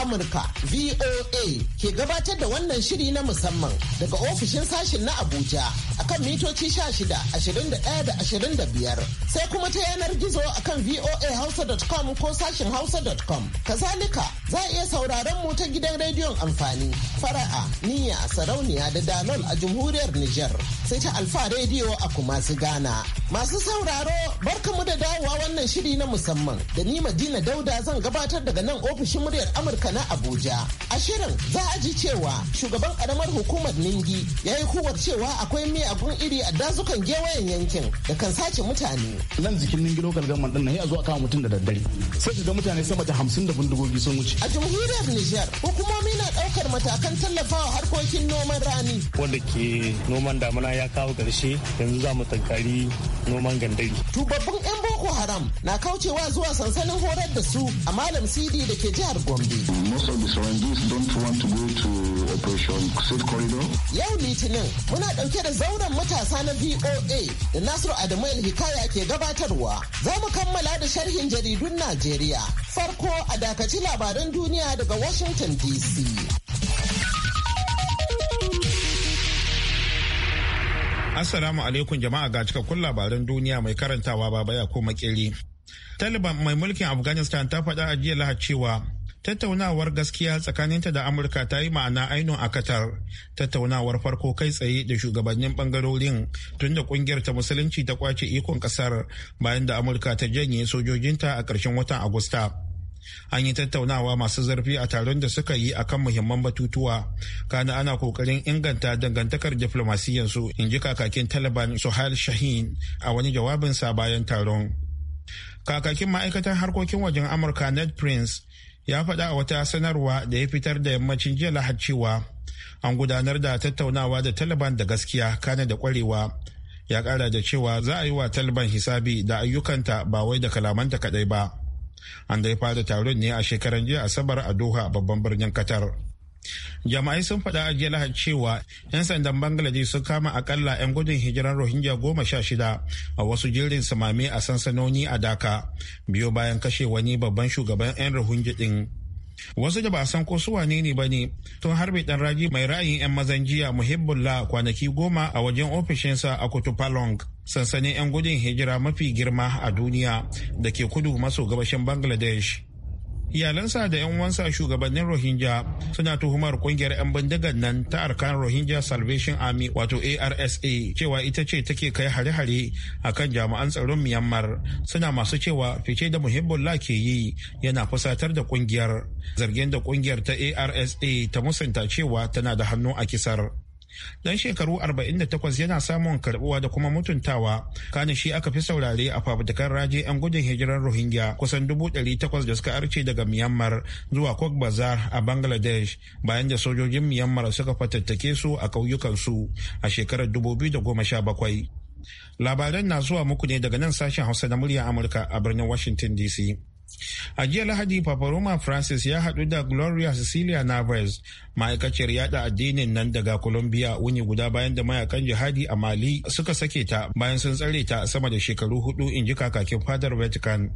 Amurka VOA ke gabatar da wannan shiri na musamman daga ofishin sashin na Abuja akan mitoci shida 21 da ɗaya da da ashirin biyar sai kuma ta yanar gizo akan voahausa.com ko sashin hausa.com. Kazalika Za a iya sauraron mu ta gidan rediyon amfani, fara'a, niyya, sarauniya da dalol a jamhuriyar Nijar, sai ta alfa rediyo a kuma su Ghana. Masu sauraro, barkamu da dawowa wannan shiri na musamman da ni Madina Dauda zan gabatar daga nan ofishin muryar Amurka na Abuja. A shirin za a ji cewa shugaban karamar hukumar Ningi ya yi kuwar cewa akwai miyagun iri a dazukan gewayen yankin da kan sace mutane. Nan jikin Ningi lokal gaman din nan ya zo a mutum da daddare. Sai ga mutane sama da hamsin da bindigogi sun wuce. A jamhuriyar Nijar, hukumomi na ɗaukar matakan tallafawa harkokin noman rani. Wanda ke noman damuna ya kawo ƙarshe yanzu za mu tankari noman gandari. Tubabbin 'yan Haram na kaucewa zuwa sansanin horar da su a Malam cd da ke jihar Gombe. Yau Litinin muna ɗauke da zauren matasa na VOA da Nasiru Adamu Hikaya ke gabatarwa. Za mu kammala da sharhin jaridun Najeriya. Farko a dakaci labaran duniya daga Washington DC. Assalamu alaikum jama'a ga cikakkun labaran duniya mai karantawa baba ya ko makeri. Taliban mai mulkin Afghanistan ta faɗa a jiya lahad cewa tattaunawar gaskiya tsakaninta da Amurka ta yi ma'ana ainihin a Qatar. Tattaunawar farko kai tsaye da shugabannin bangarorin tun da kungiyar ta musulunci ta kwace ikon kasar bayan da Amurka ta janye sojojinta a ƙarshen watan Agusta. an yi tattaunawa masu zarfi a taron da suka yi a kan muhimman batutuwa kana ana kokarin inganta dangantakar diflomasiyyansu in ji kakakin taliban suhail shahin a wani jawabinsa bayan taron kakakin ma'aikatan harkokin wajen amurka ned prince ya faɗa a wata sanarwa da ya fitar da yammacin jiya lahad cewa an gudanar da tattaunawa da taliban da gaskiya kana da kwarewa ya ƙara da cewa za a yi wa taliban hisabi da ayyukanta ba wai da kalamanta kaɗai ba an dai fara taron ne a shekaran jiya asabar a doha babban birnin katar. jama'ai sun faɗa a jiya lahar cewa 'yan sandan bangladesh sun kama akalla 'yan gudun hijiran rohingya goma sha shida a wasu jirgin samami a sansanoni a daka biyo bayan kashe wani babban shugaban 'yan rohingya din wasu da ba san ko su wane ne ba ne sun harbe dan raji mai ra'ayin 'yan mazan jiya muhibbullah kwanaki goma a wajen ofishinsa a kutupalong sansanin 'yan gudun hijira mafi girma a duniya da ke kudu maso gabashin bangladesh iyalansa da 'yan wansa shugabannin rohingya suna tuhumar kungiyar 'yan bindigar nan ta arkan rohingya salvation army wato arsa cewa ita ce take kai hare-hare a kan jami'an tsaron myanmar suna masu cewa fice da muhibbullah ke yi yana fusatar da kungiyar zargin da kungiyar ta arsa ta musanta cewa tana da hannu a kisar dan shekaru 48 yana samun karbuwa da kuma mutuntawa kana shi aka fi saurare a fafutukan raje 'yan gudun hijirar rohingya kusan 800 da suka arce daga myanmar zuwa cox bazar a bangladesh bayan da sojojin myanmar suka fatattake su a ƙauyukansu a shekarar 2017 labaran na zuwa muku ne daga nan sashen hausa na murya amurka a birnin washington dc A jiya Lahadi, Papa Francis ya haɗu da Gloria Cecilia Navarez, ma'aikaciyar yada addinin nan daga Colombia wuni guda bayan da mayakan jihadi a Mali suka sake ta bayan sun tsare ta sama da shekaru hudu in ji kakakin fadar Vatican.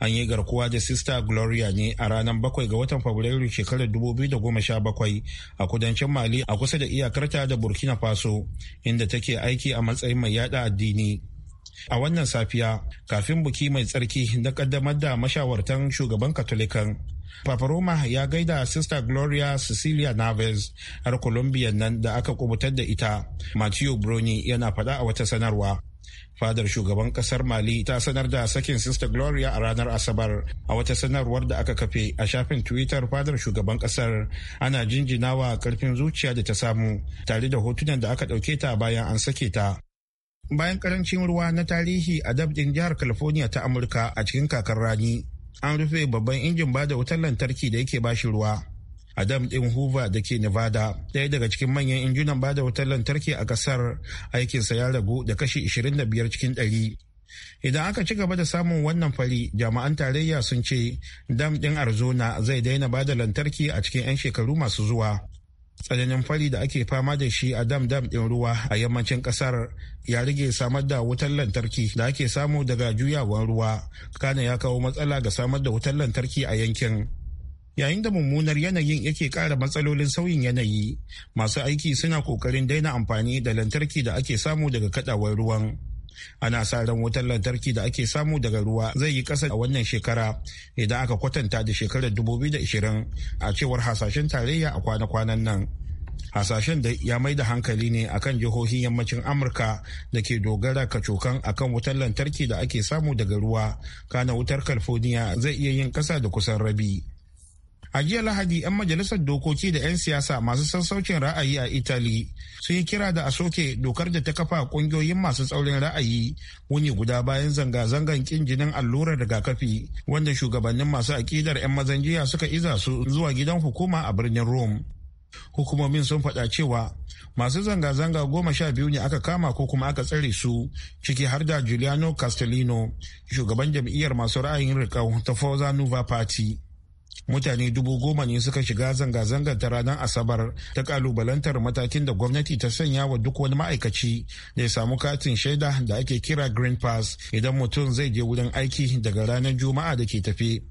An yi garkuwa da sista Gloria ne a ranar bakwai ga watan Fabrairu shekarar 2017 a kudancin Mali a kusa da iyakarta da Burkina Faso, inda take aiki a matsayin mai yada addini. a wannan safiya kafin buki mai tsarki na kaddamar da mashawartan shugaban katolikan Papa Roma ya gaida Sister Gloria Cecilia Naves har Colombia nan da aka kubutar da ita. Matthew Bruni yana faɗa a wata sanarwa. Fadar shugaban kasar Mali ta sanar da sakin Sister Gloria a ranar Asabar a wata sanarwar da aka kafe a shafin Twitter fadar shugaban kasar ana jinjinawa ƙarfin zuciya da ta samu tare da hotunan da aka ɗauke ta bayan an sake ta. bayan karancin ruwa na tarihi a dab jihar california ta amurka a cikin kakar rani an rufe babban injin bada wutar lantarki da yake bashi ruwa a dam ɗin hoover da ke nevada ɗaya daga cikin manyan injunan bada wutar lantarki a ƙasar aikinsa ya ragu da kashi 25 cikin 100 idan aka ci gaba da samun wannan fari jami'an tarayya sun ce dam ɗin arizona zai daina da lantarki a cikin 'yan shekaru masu zuwa tsananin fari da ake fama da shi a dam dam ɗin ruwa a yammacin ƙasar ya rage samar da wutar lantarki da ake samu daga juyawan ruwa kana ya kawo matsala ga samar da wutar lantarki a yankin yayin da mummunar yanayin yake ƙara matsalolin sauyin yanayi masu aiki suna ƙoƙarin daina amfani da lantarki da ake samu daga kaɗawar ruwan ana sa ran wutar lantarki da ake samu daga ruwa zai yi kasa a wannan shekara idan aka kwatanta da shekarar 2020 a cewar hasashen tarayya a kwana-kwanan nan hasashen da ya mai da hankali ne akan jihohin yammacin amurka da ke dogara ka kacokan akan wutar lantarki da ake samu daga ruwa kana wutar california zai iya yin kasa da kusan rabi A jiya Lahadi 'yan majalisar dokoki da 'yan siyasa masu sassaucin ra'ayi a Italy sun yi kira da a soke dokar da ta kafa kungiyoyin masu tsaurin ra'ayi wuni guda bayan zanga-zangan kin jinin allurar rigakafi wanda shugabannin masu aƙidar 'yan mazan jiya suka iza su zuwa gidan hukuma a birnin Rome. hukumomin sun faɗa cewa masu zanga-zanga goma sha biyu ne aka kama ko kuma aka tsare su ciki har da giuliano castellino shugaban jam'iyyar masu ra'ayin rikau ta forza nuva party mutane dubu goma ne suka shiga zanga-zangar ta ranar asabar ta kalubalantar matakin da gwamnati ta sanya wa duk wani ma'aikaci da ya samu katin shaida da ake kira green pass idan mutum zai je wurin aiki daga ranar juma'a da ke tafe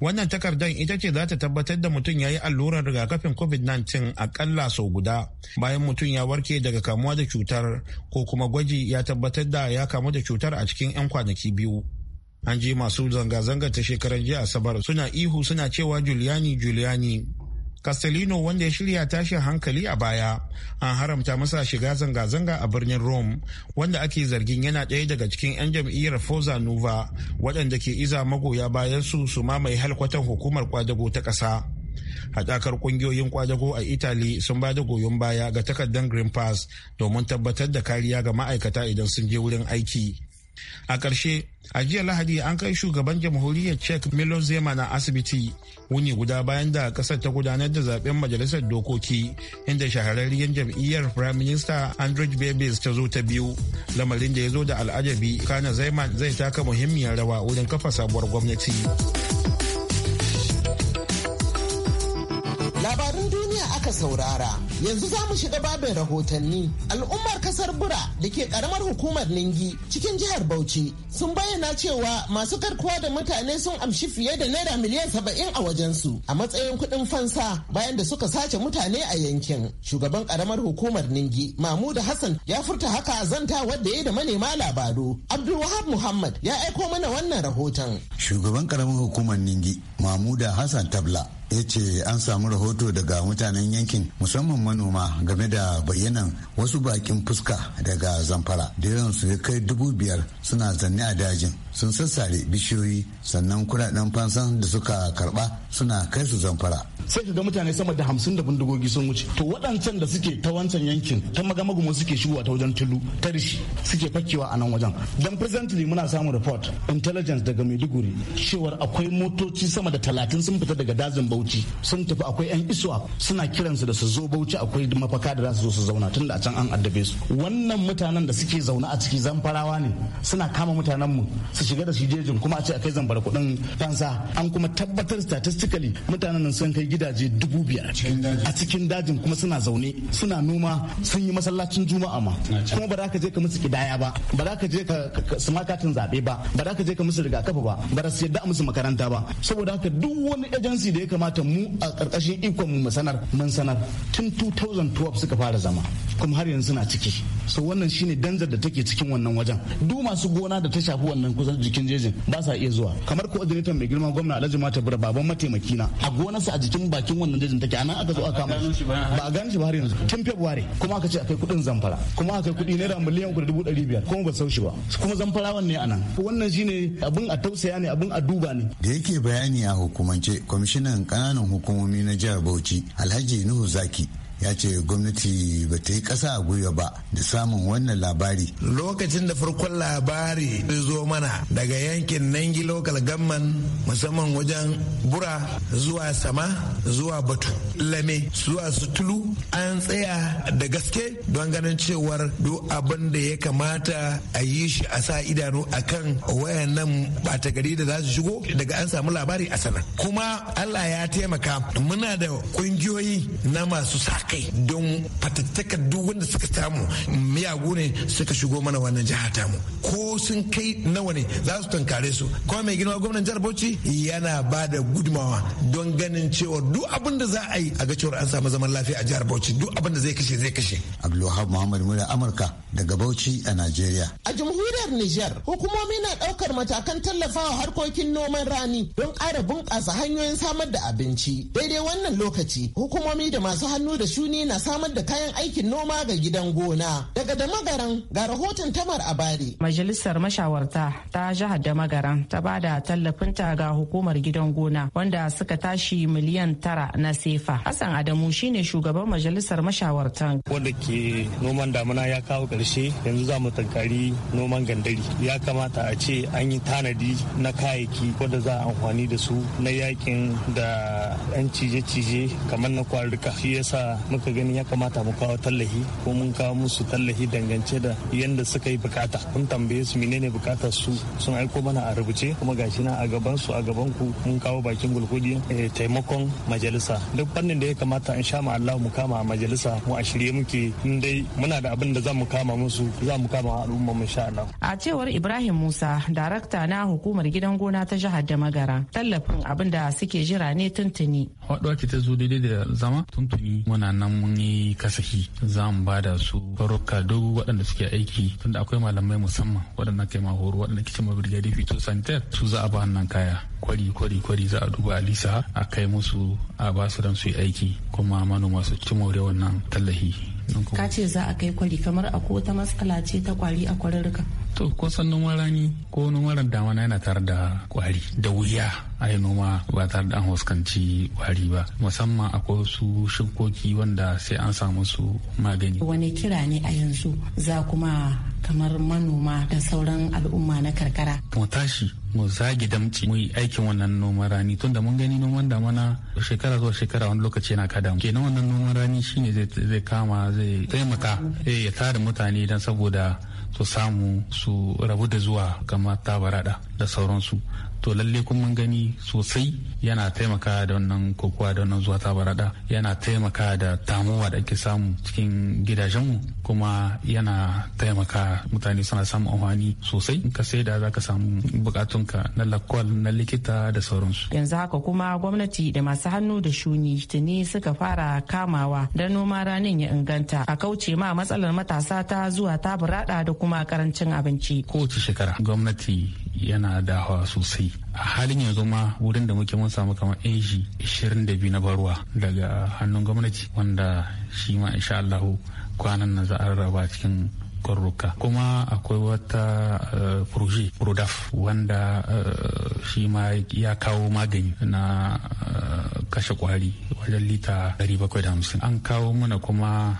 wannan takardar ita ce za ta tabbatar da mutum ya yi allurar rigakafin covid-19 akalla sau guda bayan mutum ya warke daga kamuwa da cutar ko kuma gwaji ya tabbatar da ya kamu da cutar a cikin 'yan kwanaki biyu an ji masu zanga-zanga ta shekarar jiya asabar suna ihu suna cewa juliani juliani castellino wanda ya shirya tashin hankali a baya an haramta masa shiga zanga-zanga a birnin rome wanda ake zargin yana ɗaya daga cikin 'yan jam'iyyar forza nova waɗanda ke iza magoya bayan su su mamaye halkwatan hukumar kwadago ta ƙasa haɗakar ƙungiyoyin kwadago a italy sun ba da goyon baya ga takardar green pass domin tabbatar da kariya ga ma'aikata idan sun je wurin aiki a ƙarshe a jiya lahadi an kai shugaban jamhuriyar czech milos zeman a asibiti wuni guda bayan da kasar ta gudanar da zaben majalisar dokoki inda shahararriyar jam'iyyar prime minister andrej babis ta zo ta biyu lamarin da ya zo da al'ajabi kana zeman zai taka muhimmiyar rawa wurin kafa sabuwar gwamnati. aka saurara. Yanzu za mu shiga babin rahotanni. Al'ummar kasar Bura da ke karamar hukumar Ningi cikin jihar Bauchi sun bayyana cewa masu karkuwa da mutane sun amshi fiye da naira miliyan saba'in a wajensu a matsayin kuɗin fansa bayan da suka sace mutane a yankin. Shugaban karamar hukumar Ningi Mahmud Hassan ya furta haka a zanta wadda ya yi da manema labaru. Abdulwahab Muhammad ya aiko mana wannan rahoton. Shugaban karamar hukumar Ningi Mahmuda Hassan Tabla ya ce an samu rahoto daga mutanen yankin musamman manoma game da bayyanan wasu bakin fuska daga zamfara da yawan su ya kai dubu biyar suna zanne a dajin sun sassare bishiyoyi sannan kudaden fansan da suka karba suna kai su zamfara sai ka ga mutane sama da hamsin da bindigogi sun wuce to waɗancan da suke ta wancan yankin ta magamagumo suke shigowa ta wajen tulu ta rishi suke fakewa a nan wajen dan presently muna samun report intelligence daga maiduguri cewar akwai motoci sama da talatin sun fita daga dazin bauchi sun tafi akwai yan isuwa suna kiransu da su zo bauchi akwai mafaka da za su zo su zauna tun da a can an addabe su wannan mutanen da suke zauna a ciki zamfarawa ne suna kama mutanen mu su shiga da shi jejin kuma a ce akai zamfara kuɗin fansa an kuma tabbatar statistically mutanen nan sun kai gidaje dubu biyar a cikin dajin kuma suna zaune suna noma sun yi masallacin juma'a ma kuma ba za ka je ka musu kidaya ba ba za ka je ka suma katin zaɓe ba ba za ka je ka musu rigakafi ba ba za su yadda musu makaranta ba saboda haka duk wani agency da ya kamata mu a ƙarƙashin ikon mu sanar mun sanar tun 2012 suka fara zama kuma har yanzu suna ciki so wannan shine danjar da take cikin wannan wajen duk masu gona da ta shafi wannan kusan jikin jejin ba sa iya zuwa kamar ko coordinator mai girma gwamna Alhaji Mata Bura baban mataimaki na a gonarsa a jikin can bakin wannan dajin take anan aka zo aka kama ba a gano shi ba har yanzu tun february kuma aka ce akai kudin zamfara kuma akai kudi naira miliyan uku da dubu ɗari biyar kuma ba sau shi ba kuma wanne a nan wannan shine abin a tausaya ne abin a duba ne da yake bayani a hukumance kwamishinan kananan hukumomi na jihar bauchi alhaji nuhu zaki ya ce gwamnati ba ta yi ƙasa a gwiwa ba da samun wannan labari. Lokacin da farkon labari zo mana daga yankin Nangi Local Gamman musamman wajen Bura zuwa Sama zuwa Batu Lame zuwa Sutulu an tsaya da gaske don ganin cewar duk abin da ya kamata a yi shi a sa idanu a kan wayannan bata gari da za su shigo daga an samu labari a sana. Kuma Allah ya taimaka muna da ƙungiyoyi na masu sa kai don fatattakar duk wanda suka samu miyagu ne suka shigo mana wannan jihar tamu ko sun kai nawa ne za su tankare su kuma mai girma gwamnan jihar bauchi yana ba da gudumawa don ganin cewa duk abin da za a yi a ga cewar an samu zaman lafiya a jihar bauchi duk abin da zai kashe zai kashe abdulwahab muhammad mura amurka daga bauchi a najeriya a jamhuriyar niger hukumomi na daukar matakan tallafawa harkokin noman rani don kara bunƙasa hanyoyin samar da abinci daidai wannan lokaci hukumomi da masu hannu da shuni na samar da kayan aikin noma ga gidan gona. Daga da magaran ga rahoton Tamar Abari. Majalisar mashawarta ta jihar da magaran ta bada tallafinta ga hukumar gidan gona wanda suka tashi miliyan tara na sefa. Hassan Adamu shine shugaban majalisar mashawarta. Wanda ke noman damuna ya kawo ƙarshe yanzu za mu tankari noman gandari. Ya kamata a ce an yi tanadi na kayayyaki wanda za a amfani da su na yakin da 'yan cije-cije kamar na kwaruka Shi yasa muka gani ya kamata mu kawo tallahi ko mun kawo musu tallahi dangance da yadda suka yi bukata mun tambaye su menene bukatar su sun aiko mana a rubuce kuma gashi na a gaban su a gaban ku mun kawo bakin gulgudi eh, taimakon majalisa duk fannin da ya kamata in sha Allah mu kama a majalisa mu a shirye muke in dai muna da abin da zamu mu kama musu zamu mu kama al'umma mu sha Allah a cewar Ibrahim Musa darakta na hukumar gidan gona ta jihar da magara tallafin abin da suke jira ne tuntuni. Haɗuwa ki ta zo daidai da zama tuntuni muna nan mun yi kasahi za mu ba da su farauka dogo waɗanda suke aiki tunda akwai malamai musamman waɗanda kai ma horo waɗanda kicin ma brigade fito santer su za a ba nan kaya kwari kwari kwari za a duba alisa a kai musu a ba su dan su yi aiki kuma manoma su ci more wannan tallahi ka ce za a kai kwari kamar a ta matsala ce ta kwari a kwararruka to ko san noman rani ko noman na yana tare da kwari da wuya a yi noma ba tare da an huskanci kwari ba musamman akwai su shukoki wanda sai an samu su magani wani kira ne a yanzu za kuma kamar manoma da sauran al'umma na karkara mu tashi mu zagi damci mu yi aikin wannan noman rani tun da mun gani noman damana shekara zuwa shekara wani lokaci yana ka damu. kenan wannan noman rani shine zai kama zai taimaka eh, ya tada mutane dan saboda su samu su rabu da zuwa kamar tabarada da sauransu to lalle kun mun gani sosai yana taimaka da wannan kokowa da wannan zuwa tabarada yana taimaka da tamuwa da ake samu cikin gidajenmu kuma yana taimaka mutane suna samun amfani sosai ka sai da za ka samu bukatunka na lakwal na likita da sauransu yanzu haka kuma gwamnati da masu hannu da shuni tuni suka fara kamawa da noma ranin ya inganta a kauce ma matsalar matasa ta zuwa tabarada da kuma karancin abinci kowace shekara gwamnati yana da hawa sosai a halin yanzu ma wurin da muke mun samu kamar inji 22 na barwa daga hannun gwamnati wanda shi ma insha Allahu kwanan nan za a raba cikin kwarruka kuma akwai wata eh, proje prodaf wanda eh, shi ma ya kawo magani na eh, kashe kwari wajen lita 750 an kawo mana kuma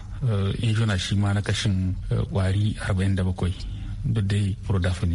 injuna shi ma na kashin kwari 47 da dai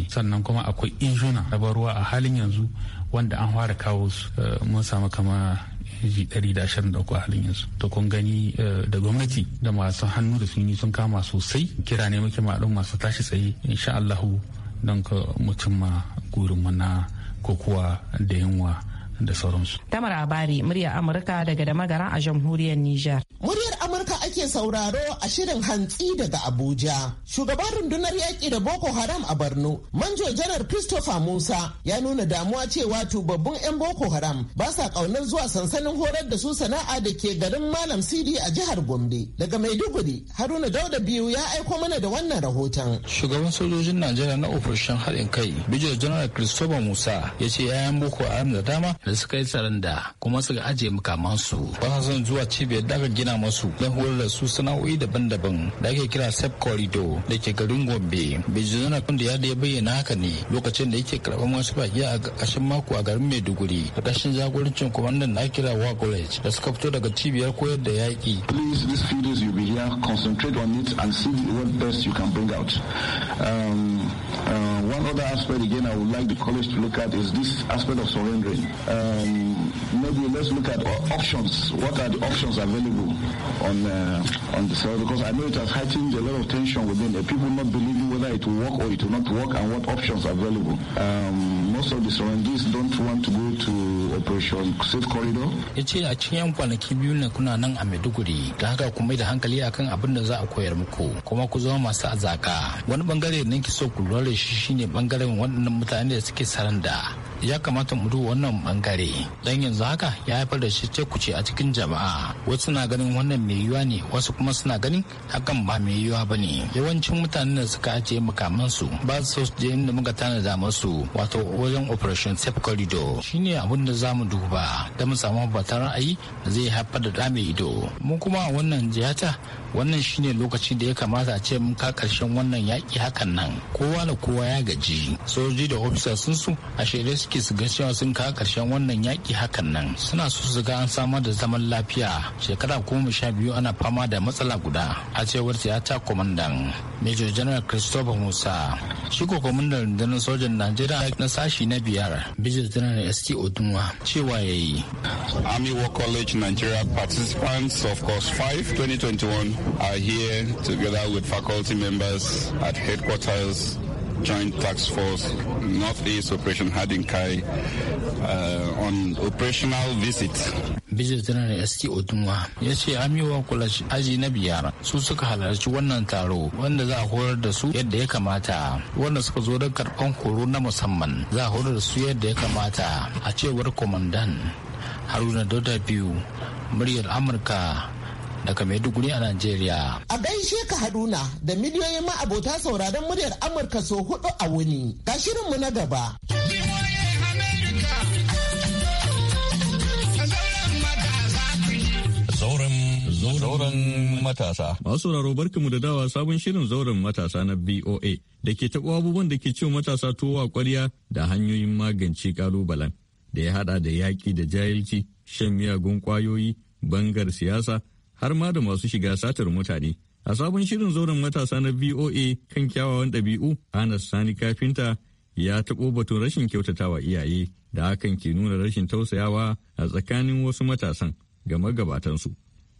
sannan kuma akwai injuna na ruwa a halin yanzu wanda an fara kawo su eh, mun samu kama ji 123 a halin yanzu to kun gani eh, da gwamnati da masu hannu da sun yi sun kama sosai kira ne muke ma'adun masu tashi tsaye insha Allahu don ka mutum ma gurin mana ko kuwa da yunwa da sauransu. Tamar Abari, murya Amurka daga da magara a jamhuriyar Nijar. Muryar Amurka ake sauraro a shirin hantsi daga Abuja. Shugaban rundunar yaƙi da Boko Haram a Borno, Manjo Janar Christopher Musa ya nuna damuwa cewa tubabbun 'yan Boko Haram ba sa ƙaunar zuwa sansanin horar da su sana'a da ke garin Malam Sidi a jihar Gombe. Daga Maiduguri, Haruna Dauda biyu ya aiko mana da wannan rahoton. Shugaban sojojin Najeriya na ofishin haɗin kai, bijo Janar Christopher Musa ya ce 'ya'yan Boko Haram da dama da suka yi tsaron da kuma suka ajiye mukamansu. Ba sa zuwa cibiyar da aka gina masu don horar da su sana'o'i daban-daban da ake kira sep corridor da ke garin gombe bijizona da ya ya bayyana haka ne lokacin da yake karɓar wasu baki a ƙarshen mako a garin maiduguri a ƙarshen jagorancin kwamandan da ake kira wa college da suka fito daga cibiyar koyar da yaƙi. please these few you be here concentrate on it and see what best you can bring out. Um, one other aspect, again, I would like the college to look at is this aspect of surrendering. Um, maybe let's look at options. What are the options available on uh, on the cell? Because I know it has heightened a lot of tension within the people not believing whether it will work or it will not work and what options are available. Um, most of the don't want to go to operation safe corridor ya a cikin yan kwanaki biyu ne kuna nan a maiduguri da haka ku mai da hankali akan abin da za a koyar muku kuma ku zama masu azaka wani bangare ne ki so ku lura da shi shine bangaren waɗannan mutane da suke saranda ya kamata mu duba wannan bangare dan yanzu haka ya haifar da cece kuce a cikin jama'a wasu na ganin wannan mai yiwuwa ne wasu kuma suna ganin hakan ba mai yiwuwa ba ne yawancin mutanen da suka ajiye makamansu ba su je inda muka tanada musu wato wajen operation safe corridor shine abin da za duba da mu samu batar ra'ayi zai haifar da da mai ido mu kuma wannan jihata wannan shine lokaci da ya kamata a ce mun ka karshen wannan yaki hakan nan kowa da kowa ya gaji sojoji da officers sun su a shirye suke su ga cewa sun kawo karshen wannan yaki hakan nan suna so su ga an samar da zaman lafiya shekara goma sha biyu ana fama da matsala guda a cewar tiyata kwamandan major general christopher musa shi ko kwamandan rundunar sojan najeriya na sashi na biyar major general st odunwa cewa ya yi army war college nigeria participants of course 5 2021 are here together with faculty members at headquarters Joint task Force Northeast Operation Hadin Kai uh, on operational visit. Bijir General ST Odunwa ya ce wa Kulash aji na biyar su suka halarci wannan taro wanda za a horar da su yadda ya kamata wanda suka zo da karɓan koro na musamman za a horar da su yadda ya kamata a cewar kwamandan Haruna Dauda biyu muryar Amurka daga Maiduguri a Najeriya. A gaishe ka Haruna da miliyoyin ma'abota sauraron muryar Amurka so hudu a wuni. Ga shirinmu na gaba. Zauren matasa. Masu sauraro barkamu da dawa sabon shirin zauren matasa na BOA da ke taɓa abubuwan da ke ciwo matasa tuwa kwarya da hanyoyin magance ƙalubalen da ya haɗa da yaƙi da jahilci, shan miyagun ƙwayoyi, bangar siyasa, har ma da masu shiga satar mutane. A sabon shirin zauren matasa na VOA kan kyawawan ɗabi'u, Anas Sani Kafinta ya taɓo batun rashin kyautatawa iyaye da hakan ke nuna rashin tausayawa a tsakanin wasu matasan ga magabatansu.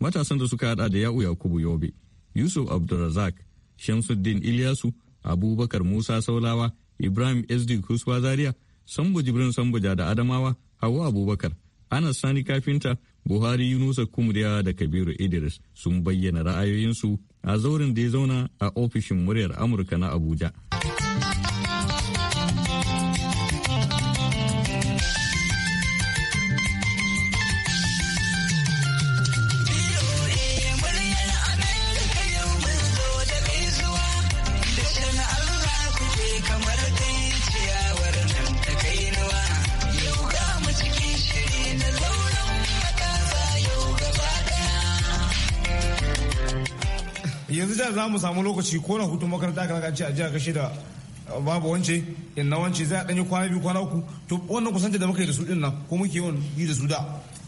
Matasan da suka haɗa da Ya'u Yakubu Yobe, Yusuf Abdulrazak, Shamsuddin Ilyasu, Abubakar Musa Saulawa, Ibrahim SD Kuswa Zaria, Sambo Jibrin Sambuja da Adamawa, Hawa Abubakar, Anas Sani Kafinta, Buhari Yunusa Kumriya da Kabiru Idris sun bayyana ra'ayoyinsu a zaurin da ya zauna a ofishin muryar Amurka na Abuja. yanzu da za mu samu lokaci ko na hutun makaranta aka ce a jiya kashi da uh, babu wance in na wance za a danyi kwana biyu kwana uku to wannan kusanci da muka yi da su ɗin nan ko muke yawan yi da su da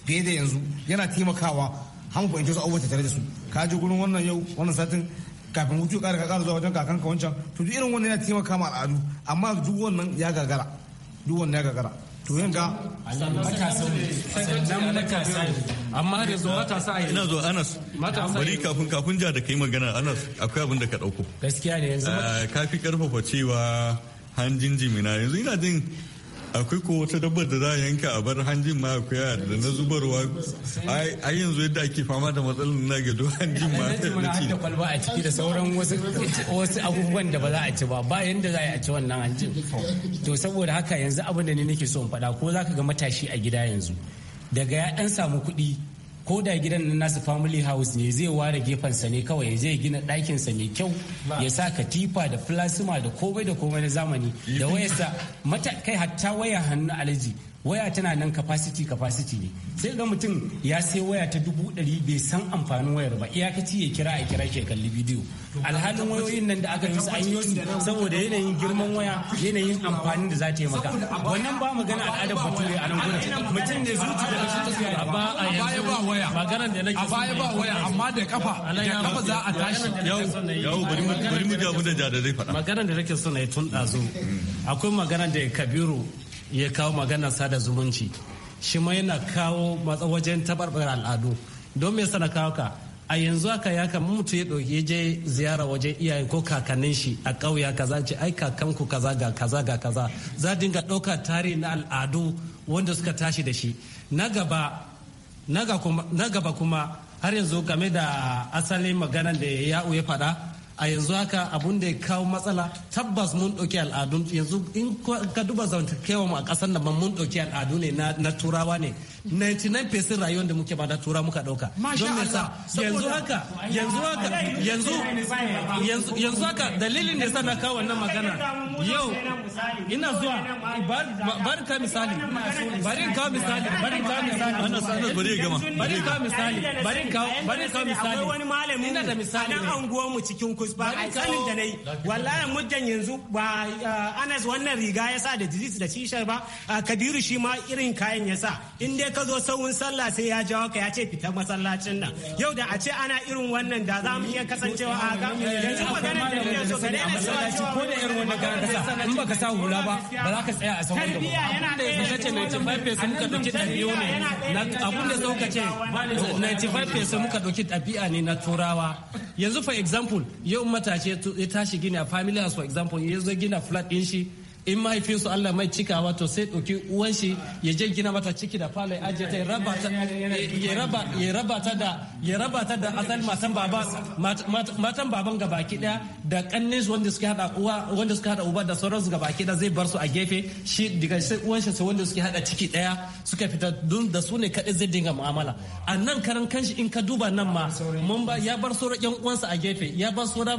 fiye da yanzu yana taimakawa hamu fahimci su abubuwa tare da su ka ji gurin wannan yau wannan satin kafin hutu ka ka kasa zuwa wajen kakan ka wancan to duk irin wannan yana taimaka ma al'adu amma duk wannan ya gagara duk wannan ya gagara to yanga sannan matasa amma har yanzu matasa a ina zo anas bari kafin kafin ja da kai magana anas akwai abin da ka dauko gaskiya ne yanzu eh, ka fi karfafa cewa hanjin jimina yanzu ina jin akwai ko wata dabbar da za a yanka a bar hanjin ma akwai da na zubarwa a yanzu yadda ake fama da matsalar na gado hanjin ma na ci da kwalba a ciki da sauran wasu abubuwan da ba za a ci ba ba yanda za a ci wannan hanjin to saboda haka yanzu abin da ne nake so in faɗa ko za ka ga matashi a gida yanzu daga ya ɗan samu kuɗi ko da gidan nan nasu family house ne zai ware gefen sa ne kawai ya zai gina ɗakinsa mai kyau ya sa katifa da plasma da komai da komai na zamani da wayarsa mata kai hatta wayar hannu alaji waya tana nan capacity capacity ne sai ga mutum ya sai waya ta dubu ɗari bai san amfanin wayar ba iyakaci ya kira a kira ke kalli bidiyo alhalin wayoyin nan da aka yi an yi su saboda yanayin girman waya yanayin amfanin da za ta yi maka wannan ba magana al'adar bature a nan gudu mutum ne zuci da rashin tafiya a baya ba waya a baya ba waya amma da kafa da kafa za a tashi yau yau bari mu ga abin da jadalai faɗa maganar da nake so na yi tun ɗazu akwai maganar da kabiru ya kawo maganar sada zumunci shi ma yana kawo matsa wajen tabarbar al'adu don me na kawo ka a yanzu haka ya kama mutu ya ɗauki je ziyara wajen iyaye ko kakannin shi a ƙauya kaza ce ai kakanku kaza ga kaza ga kaza za dinga ɗauka tarihi na al'adu wanda suka tashi da shi na gaba kuma har yanzu game da asalin maganan da ya ya faɗa a yanzu haka abun da ya kawo matsala tabbas mun ɗauki al'adun yanzu in ka duba zamantakewa mu a ƙasar nan mun ɗauki al'adu ne na turawa ne 99% rayuwar da muke bada tura muka dauka don me sa yanzu haka yanzu haka yanzu yanzu haka dalilin da sana kawo wannan magana yau ina zuwa bari ka misali bari ka misali bari ka misali ana sanar bari gama bari ka misali bari ka bari ka misali akwai wani malami ina da misali nan anguwar mu cikin kusba a sanin da nayi wallahi mujjan yanzu ba Anas wannan riga yasa da disease da t ba Kabiru shi ma irin kayan yasa in dai ka zo sauwun sallah sai ya jawo ka ya ce fita masallacin nan yau da a ce ana irin wannan da za mu iya kasancewa a ga yanzu magana da muke so ka daina cewa cewa ko da irin wannan kana kasa in baka sa hula ba ba za ka tsaya a sauran gaba yana da yanzu ce 95 peso muka dauki ɗabi'u ne abun da sauka ce 95 peso muka dauki ɗabi'a ne na turawa yanzu for example yau matashi ya tashi gina family house for example ya gina flat din shi in mahaifinsu Allah mai cikawa wato sai ɗauki uwan shi ya je gina mata ciki da fala ya ajiye ta ya raba ta da ya raba ta da asal matan baba matan baban ga baki daya da kannin su wanda suke hada uwa wanda suke hada uba da sauran su ga baki daya zai bar su a gefe shi daga sai uwan shi sai wanda suke hada ciki daya suka fita dun da su ne kadai zai dinga mu'amala a nan karan kanshi in ka duba nan ma mun ba ya bar sauran yan uwansa a gefe ya bar sauran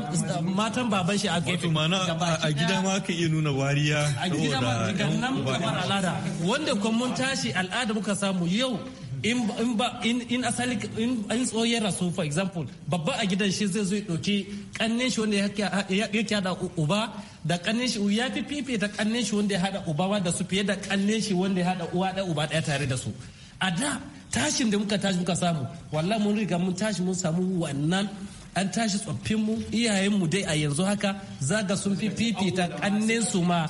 matan baban shi a gefe a gida ma ka iya nuna wariya gaskiya a gida daga nan kamar al'ada wanda kuma mun tashi al'ada muka samu yau in ba in asali in tsoye ya rasu for example babba a gidan shi zai zo ya ɗauki kannin shi wanda ya hada uba da kannin shi ya fi fifita kannin shi wanda ya hada uba wanda su fiye da kannin shi wanda ya hada uwa da uba daya tare da su a da tashin da muka tashi muka samu wallahi mun riga mun tashi mun samu wannan an tashi tsoffinmu iyayenmu dai a yanzu haka zaga sun fi fifita kannen su ma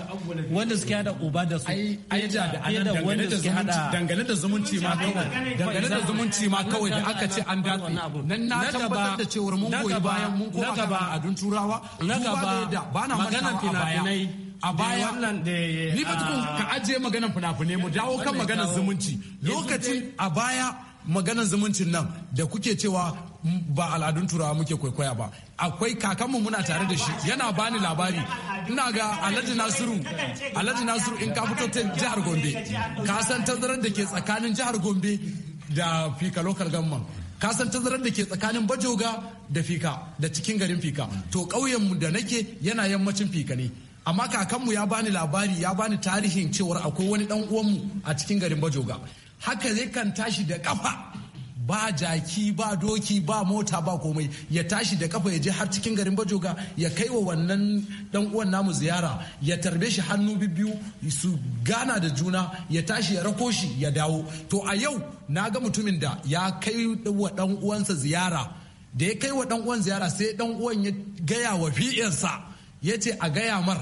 wanda suke hada uba da su fiye da wanda suke hada dangane da zumunci ma kawai dangane da zumunci ma kawai da aka ce an dace nan na tabbatar da cewar mun goyi bayan mun koma ga adun turawa na gaba ba magana fina-finai a baya ni ba tukun ka ajiye maganan fina-finai mu dawo kan maganar zumunci lokacin a baya maganar zumuncin nan da kuke cewa ba al'adun turawa muke kwaikwaya ba akwai kakanmu muna tare da shi yana bani labari ina ga alhaji nasiru alhaji nasiru in ka fito ta jihar gombe ka san tazarar da ke tsakanin jihar gombe da fika local government ka san tazarar da ke tsakanin bajoga da fika da cikin garin fika to ƙauyenmu da nake yana yammacin fika ne amma kakanmu ya bani labari ya bani tarihin cewar akwai wani dan uwanmu a cikin garin bajoga haka zai kan tashi da kafa ba jaki ba doki ba mota ba komai ya tashi da kafa ya je har cikin garin bajoga ya kai wa wannan dan uwan namu ziyara ya tarbe shi hannu biyu su gana da juna ya tashi ya rako shi ya dawo to a yau na ga mutumin da ya kai wa dan uwansa ziyara da ya kai wa dan uwan ziyara sai dan uwan ya gaya wa fi'insa ya ce a gaya mar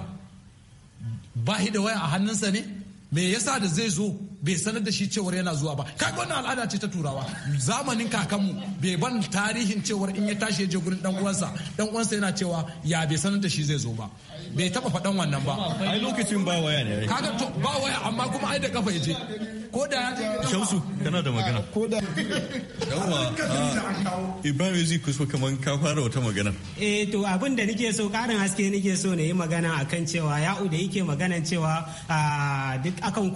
ba da waya a hannunsa ne me yasa da zai zo bai sanar da shi cewar yana zuwa ba kai wannan al'ada ce ta turawa zamanin kakanmu bai ban tarihin cewar in ya tashi ya je gurin dan uwansa dan uwansa yana cewa ya bai sanar da shi zai zo ba bai taba faɗan wannan ba ai lokacin ba waya ne kaga ba waya amma kuma ai da kafa ya je Shamsu kana da magana. Ah, yawwa ah, Ibrahim zai kusa kaman ka fara wata magana. Eh to abin da nake so karin haske nake so na yi magana akan cewa ya da yake magana cewa ah, duk akan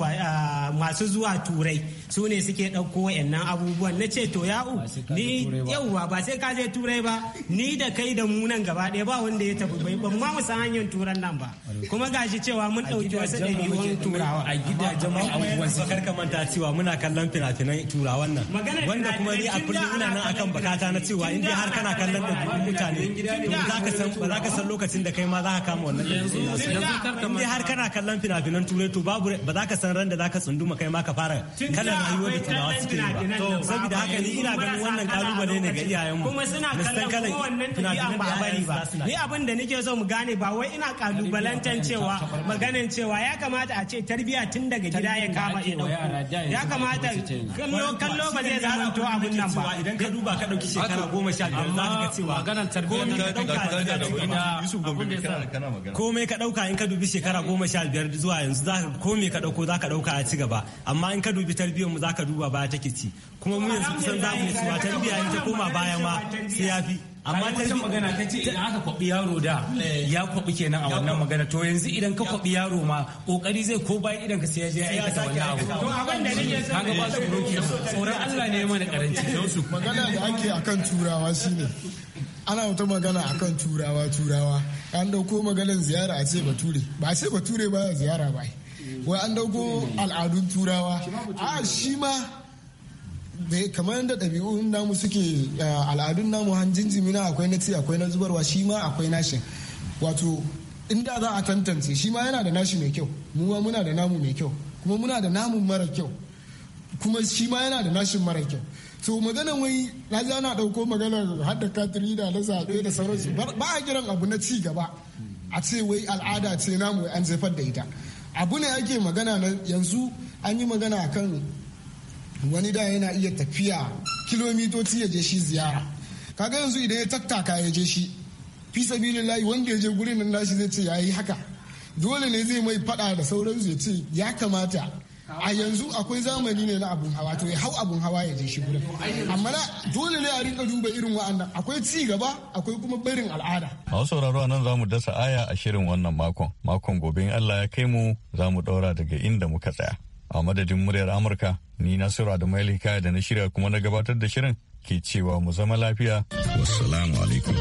masu zuwa turai su ne suke ɗauko wa'annan abubuwan na ce to ya'u ni yauwa ba sai ka je turai ba ni da kai da mu nan gaba ɗaya ba wanda ya tafi bai ban ma musan hanyar turan nan ba kuma gashi cewa mun ɗauki wasu ɗabi'un turawa a gidajen abubuwan su karkaman manta cewa muna kallon fina-finan tura wannan wanda kuma ni a kullum ina nan akan bukata na cewa in dai har kana kallon da mutane ba za ka san lokacin da kai ma za ka kama wannan in dai har kana kallon fina-finan turai to babu ba za ka san ran da za ka tsunduma kai ma ka fara kallon rayuwar da tunawa suke ba saboda haka ni ina ganin wannan kalubale ne ga iyayenmu kuma suna kallon kowannen tafiya ba bari ba ni abin da nake so mu gane ba wai ina kalubalantan cewa maganin cewa ya kamata a ce tarbiyya tun daga gida ya kama ido ya kamata kallo ba zai zama to abun nan ba idan ka duba ka dauki shekara goma sha biyar za ka cewa maganar tarbiyyar da dauka daga gida komai ka dauka in ka dubi shekara goma sha biyar zuwa yanzu za ka komai ka dauko za ka dauka a ci gaba amma in ka dubi tarbiyyar mu za ka duba baya take ci kuma mu yanzu kusan za mu yi cewa tarbiyya in ta koma baya ma sai ya fi amma ta magana ta ce idan aka kwabi yaro da eh. ya kwabi kenan a wannan magana to yanzu idan ka kwabi yaro ma kokari zai ko bayan idan ka sai ya aikata wannan abu to abin da nake son ka ba su roki tsoron Allah ne mana karanci su magana da ake akan turawa shine ana wata magana akan turawa turawa an dauko maganar ziyara a ce bature ba a ce bature ba ziyara ba wai an dauko al'adun turawa a shi ma kamar yadda ɗabi'un namu suke eh, al'adun namu hanjin jimina akwai na ci akwai na zubarwa shi ma akwai nashi wato inda za a tantance shi ma yana da nashi mai kyau mu ma muna da namu mai kyau kuma muna da namun mara kyau kuma shi ma yana da nashin mara kyau to magana wai na ji ana ɗauko maganar hadda katiri da na zaɓe da sauransu ba a kiran abu na ci gaba a ce wai al'ada ce namu an zafar da ita abu ne ake magana na yanzu an yi magana akan wani da yana iya tafiya kilomitoci ya je shi ziyara kaga yanzu idan ya tattaka ya je shi fi sabilillahi wanda ya je gurin nan nashi zai ce yi haka dole ne zai mai fada da sauransu ya ce ya kamata a yanzu akwai zamani ne na abun hawa to ya hau abun hawa ya je shi gurin amma na dole ne a rika duba irin wa'annan akwai ci gaba akwai kuma barin al'ada a wasu sauraro nan za mu dasa aya a shirin wannan makon makon gobe in Allah ya kai mu zamu daura daga inda muka tsaya a madadin muryar Amurka Ni da Adamu Elika da na shirya kuma na gabatar da shirin ke cewa mu zama lafiya. Wassalamu alaikum.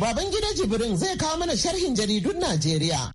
Baban gida Jibrin zai kawo mana sharhin jaridun Najeriya.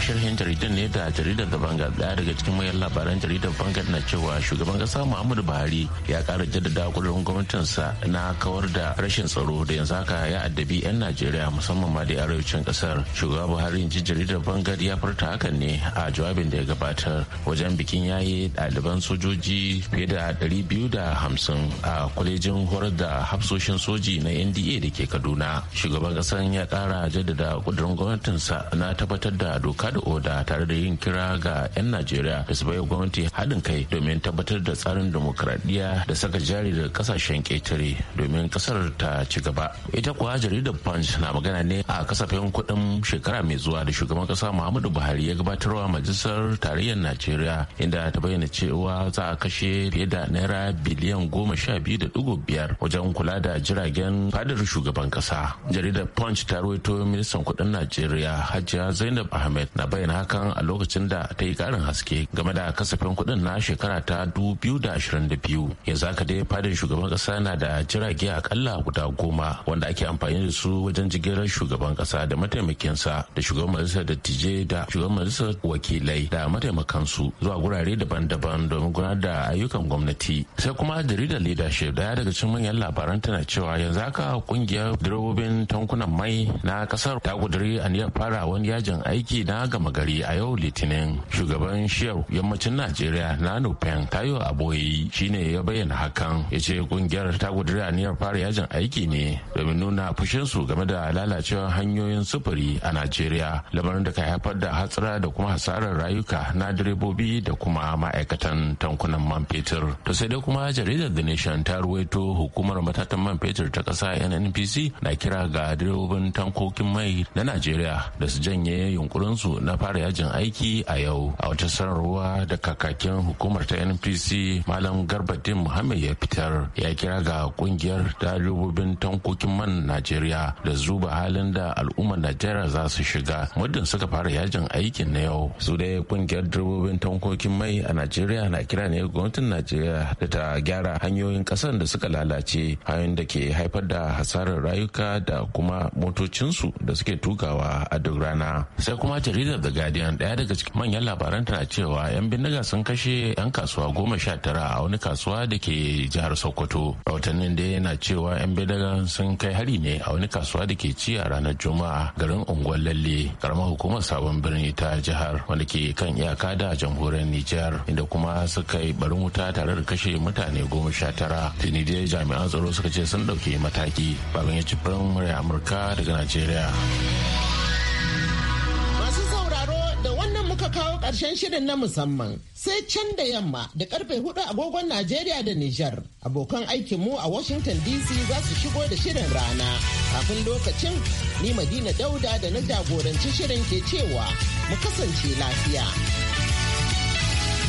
sharhin jaridar ne da jaridar da bangal daya daga cikin mayan labaran jaridar bangal na cewa shugaban kasa muhammadu buhari ya kara jaddada kudurin gwamnatinsa na kawar da rashin tsaro da yanzu haka ya addabi 'yan najeriya musamman ma da arewacin kasar Shugaban buhari ji jaridar bangal ya furta hakan ne a jawabin da ya gabatar wajen bikin yayi daliban sojoji fiye da 250 a kwalejin horar da hafsoshin soji na nda da ke kaduna shugaban kasar ya kara jaddada kudurin gwamnatinsa na tabbatar da doka doka da oda tare da yin kira ga 'yan najeriya da su baiwa gwamnati haɗin kai domin tabbatar da tsarin demokradiyya da saka jari daga kasashen ƙetare domin ƙasar ta ci gaba ita kuwa jaridar punch na magana ne a kasafin kuɗin shekara mai zuwa da shugaban ƙasa muhammadu buhari ya gabatarwa majalisar tarayyar najeriya inda ta bayyana cewa za a kashe fiye da naira biliyan goma sha biyu da ɗigo biyar wajen kula da jiragen fadar shugaban ƙasa jaridar punch ta ruwaito ministan kuɗin najeriya hajiya zainab ahmed na bayyana hakan a lokacin da ta yi karin haske game da kasafin kudin na shekara ta da biyu. yanzu haka dai fadin shugaban kasa na da jirage akalla guda goma wanda ake amfani da su wajen jigilar shugaban kasa da mataimakinsa da shugaban majalisar dattijai da shugaban majalisar wakilai da mataimakansu zuwa gurare daban-daban domin gudanar da ayyukan gwamnati sai kuma jaridar leadership daya daga cikin manyan labaran tana cewa yanzu haka kungiyar direbobin tankunan mai na kasar ta kuduri aniyar fara wani yajin aiki na gama gari a yau litinin shugaban shiyar yammacin najeriya na nufen tayo aboyi shine ya bayyana hakan ya ce kungiyar ta kudiri aniyar fara yajin aiki ne domin nuna fushinsu game da lalacewar hanyoyin sufuri a najeriya lamarin da ka haifar da hatsara da kuma hasarar rayuka na direbobi da kuma ma'aikatan tankunan man fetur to sai dai kuma jaridar the nation ta ruwaito hukumar matatan man fetur ta kasa nnpc na kira ga direbobin tankokin mai na najeriya da su janye yunkurinsu su na fara yajin aiki a yau a wata sanarwa da kakakin hukumar ta npc malam garbadin muhammad ya fitar ya kira ga kungiyar dalibobin tankokin man najeriya da zuba halin da al'ummar najeriya za su shiga muddin suka fara yajin aikin na yau su dai kungiyar direbobin tankokin mai a najeriya na kira ne gwamnatin najeriya da ta gyara hanyoyin kasar da suka lalace hanyoyin da ke haifar da hasarar rayuka da kuma motocinsu da suke tukawa a duk rana sai kuma jaridar the guardian daya daga cikin manyan labaran tana cewa yan bindiga sun kashe yan kasuwa goma sha tara a wani kasuwa da ke jihar sokoto rahotannin da yana cewa yan bindiga sun kai hari ne a wani kasuwa da ke ci a ranar juma'a garin unguwar lalle karamar hukumar sabon birni ta jihar wanda ke kan iyaka da jamhuriyar nijar inda kuma suka yi barin wuta tare da kashe mutane goma sha tara tuni dai jami'an tsaro suka ce sun ɗauki mataki babban ya ci firin murya amurka daga najeriya karshen shirin na musamman sai can da yamma da karfe hudu agogon Najeriya da Nijar. Abokan mu a Washington DC za su shigo da shirin rana. Kafin lokacin ni Madina Dauda da na jagoranci shirin ke cewa mu kasance lafiya.